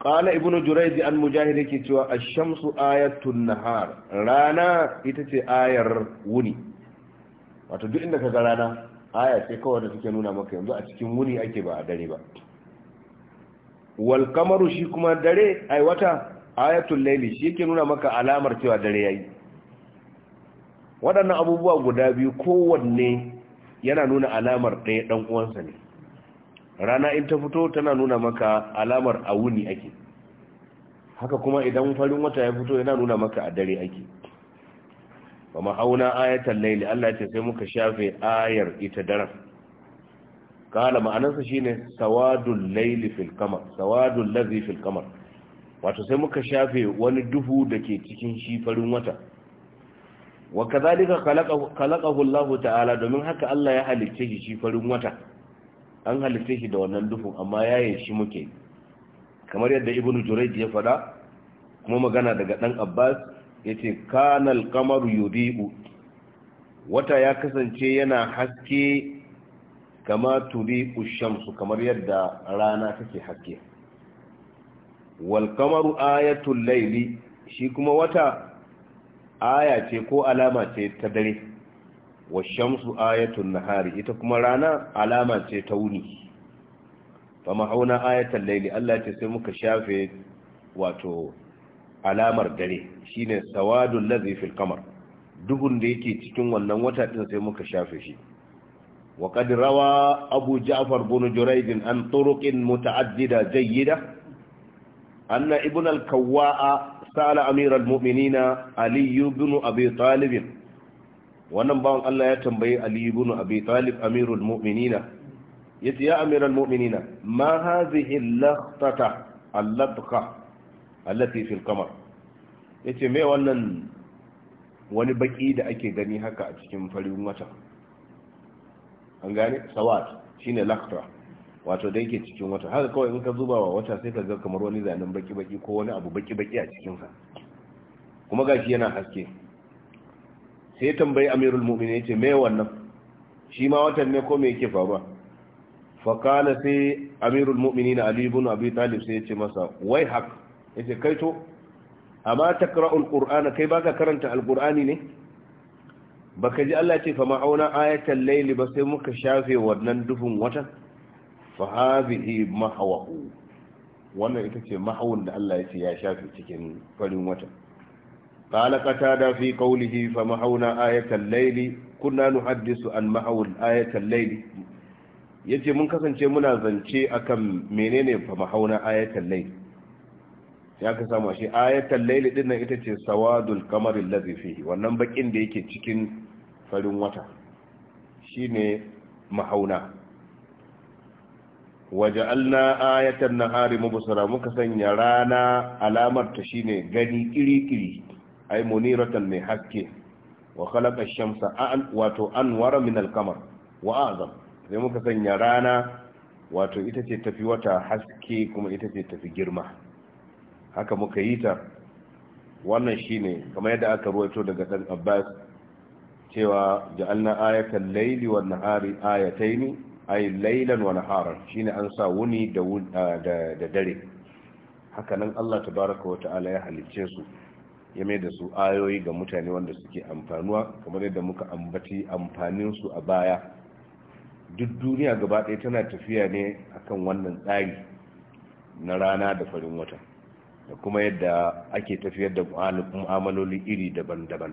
qala ibnu jurayj an mujahid yake cewa ash-shamsu ayatun nahar rana ita ce ayar wuni wato duk inda kaga rana aya ce kawai da take nuna maka yanzu a cikin wuni ake ba a dare ba wal kamaru shi kuma dare ai wata ayatul laili shi yake nuna maka alamar cewa dare yayi waɗannan abubuwa guda biyu kowanne yana nuna alamar ɗaya ɗan uwansa ne rana in ta fito tana nuna maka alamar a wuni ake haka kuma idan farin wata ya fito yana nuna maka a dare ake ba ma'auna ayatul laili Allah ce sai muka shafe ayar ita daren kala ma'anarsa shine sawadul laili fil qamar sawadul lazi fil kamar wato sai muka shafe wani duhu da ke cikin shi farin wata wa kazalika khalaqahu Allahu ta'ala domin haka Allah ya halicce shi shi farin wata an halicce shi da wannan duhun amma yayin shi muke kamar yadda ibnu jurayd ya fada kuma magana daga dan Abbas yace kana al-qamaru yudi'u wata ya kasance yana haske kama tudi'u shamsu kamar yadda rana take haske walkamaru kamaru ayatul laili shi kuma wata aya ce ko alama ce ta dare wa shamsu ayatul nahari ita kuma rana alama ce ta wuni fa mahauna ayatul laili Allah ce sai muka shafe wato alamar dare shine sawadul ladhi fil qamar duhun da yake cikin wannan wata din sai muka shafe shi وقد روى أبو جعفر بن جريج عن طرق متعددة جيدة anna ibn al-kawwa'a sa'ala amir al-mu'minina ali ibn abi talib wannan bawan Allah ya tambayi ali ibn abi talib amirul mu'minina yace ya Amirul mu'minina ma hadhihi al-laqtata al-labqa allati fi al-qamar yace me wannan wani baki da ake gani haka a cikin farin wata an gane sawat shine laqta wato da yake cikin wata haka kawai in ka zuba wa wata sai ka ga kamar wani zanen baki-baki ko wani abu baki-baki a cikinsa kuma gashi yana haske sai tambayi amirul mu'min ya ce me wannan shi ma watan ne ko me yake faruwa kana sai amirul mu'minin ali ibn abi talib sai ya ce masa wai hak ya ce kai to amma takra'ul qur'ana kai baka karanta alqur'ani ne baka ji Allah ce fa ma'auna ayatan layli ba sai muka shafe wannan duhun watan fa hadhihi mahawahu wannan ita ce mahawun da Allah ya ce ya shafi cikin farin wata qala qatada fi qawlihi fa mahauna ayatal layli kunna nuhaddisu an mahawul ayatal layli yace mun kasance muna zance akan menene fa mahauna ayatal laili ya ka samu shi ayatal layli din nan ita ce sawadul kamar allazi fihi wannan bakin da yake cikin farin wata shine mahauna Waje waja'alna ayatan nahari mubsara muka sanya rana alamar ta shine gani kirikiri Ai muniratan mai haske wa khalaqa ash-shamsa an wato anwara min al wa azam sai muka sanya rana wato ita ce tafi wata haske kuma ita ce tafi girma haka muka yi ta wannan shine kamar yadda aka ruwaito daga dan Abbas cewa ja'alna ayatan layli wan nahari ayataini ay laylan wa nahara shine an sa wuni da da dare haka nan Allah tabaaraka wa ta'ala ya halicce su ya mai da su ayoyi ga mutane wanda suke amfanuwa kamar yadda muka ambaci amfanin su a baya duk duniya gaba ɗaya tana tafiya ne akan wannan tsari na rana da farin wata da kuma yadda ake tafiyar da mu'amaloli iri daban-daban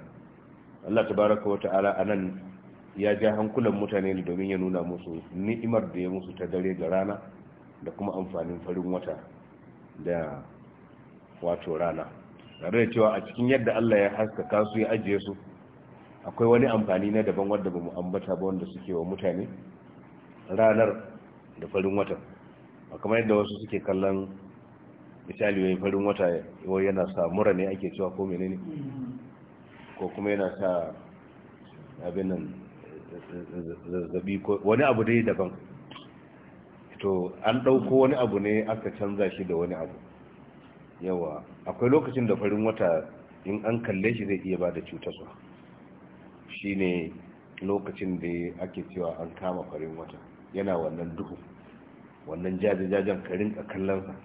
Allah tabaaraka wa ta'ala anan ya ja hankulan mutane ne domin ya nuna musu ni'imar da ya musu ta dare ga rana da kuma amfanin farin wata da wato rana tare da cewa a cikin yadda Allah ya haskaka su ya ajiye su akwai wani amfani na daban wadda ba mu ambata ba wanda suke wa mutane ranar da farin wata. a kamar yadda wasu suke kallon misali wai farin wata yana sa mura ne ake cewa ko menene ko kuma yana sa abin nan zazzabi ko wani abu dai daban to an ɗauko wani abu ne aka canza shi da wani abu yawa akwai lokacin da farin wata in an kalle shi zai iya ba da cutarwa shi ne lokacin da ake cewa an kama farin wata yana wannan duhu wannan jajajajen karin a kallonsa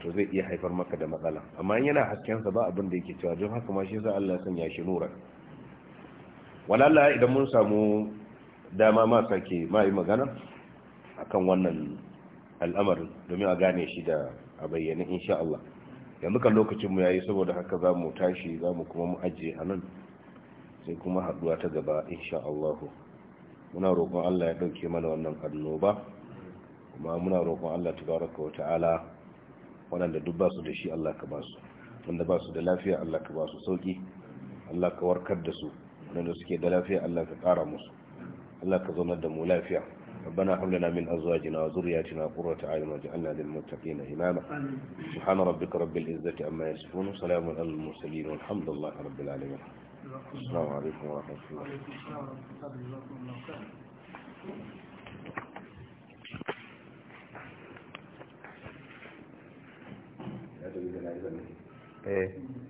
to zai iya haifar maka da matsala amma yana haskensa ba abin da yake cewa don haka ma shi za Allah ya sanya shi nuran walalla idan mun samu dama ma sake ma yi magana akan wannan al'amarin domin a gane shi da a bayyana insha Allah yanzu kan lokacin mu yi saboda haka za mu tashi za mu kuma mu ajiye a nan sai kuma haɗuwa ta gaba insha Allah muna roƙon Allah ya ɗauke mana wannan annoba kuma muna roƙon Allah tabaraka wa ta'ala waɗanda duk ba su da shi Allah ka ba su wanda ba su da lafiya Allah ka ba su sauki Allah ka warkar da su wadanda suke da lafiya Allah ka قارموس musu Allah ka zaunar da mu lafiya ربنا هب لنا من ازواجنا وذرياتنا قرة اعين واجعلنا للمتقين اماما سبحان ربك رب العزة عما يصفون وسلام على المرسلين والحمد لله رب العالمين السلام عليكم ورحمة الله eh